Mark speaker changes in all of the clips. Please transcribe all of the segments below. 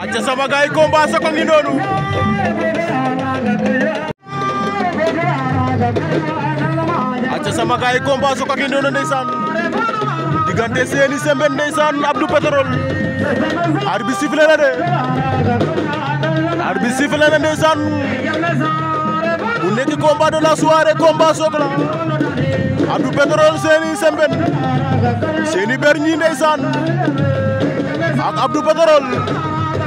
Speaker 1: acca sama gaay combat sa ko ngi noonu acca sama gaay combat sa ko ngi noonu ndeysaan diggante seeni semben ndeysaan Abdou Pétrole de arbitre sifflé nekk combat de la soirée combat soog la Abdou Pétrole seeni semben seeni ber ñi ndeysaan ak Abdou Pétrole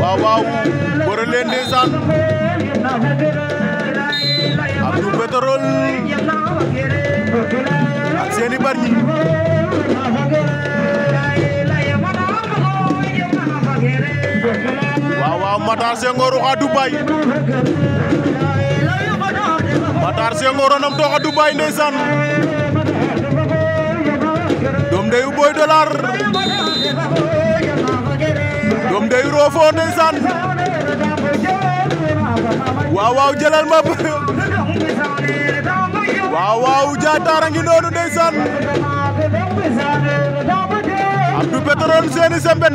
Speaker 1: waaw waaw wara leen ndeysaan Abdou Pétrole ak seeni bari Matar Senghor o Dubai, matahari Matar Senghor o namtoox a Dubaay dom de yu Boy Dollar de yu rofo ndeysaan waaw waaw jëlal ma waaw waaw jaataar a ngi noonu ndeysaan Abdou Pétrole seni semben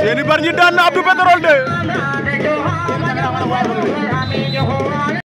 Speaker 1: Seny Bargny daan na Abdou Pétrole